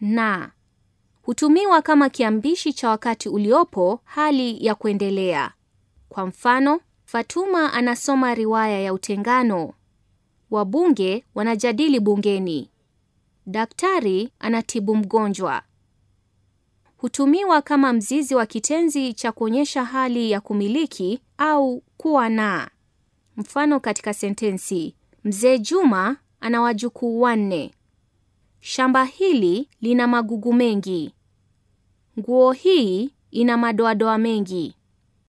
na hutumiwa kama kiambishi cha wakati uliopo, hali ya kuendelea. Kwa mfano, Fatuma anasoma riwaya ya Utengano. Wabunge wanajadili bungeni. Daktari anatibu mgonjwa. Hutumiwa kama mzizi wa kitenzi cha kuonyesha hali ya kumiliki au kuwa na. Mfano katika sentensi: Mzee Juma ana wajukuu wanne. Shamba hili lina magugu mengi. Nguo hii ina madoadoa mengi.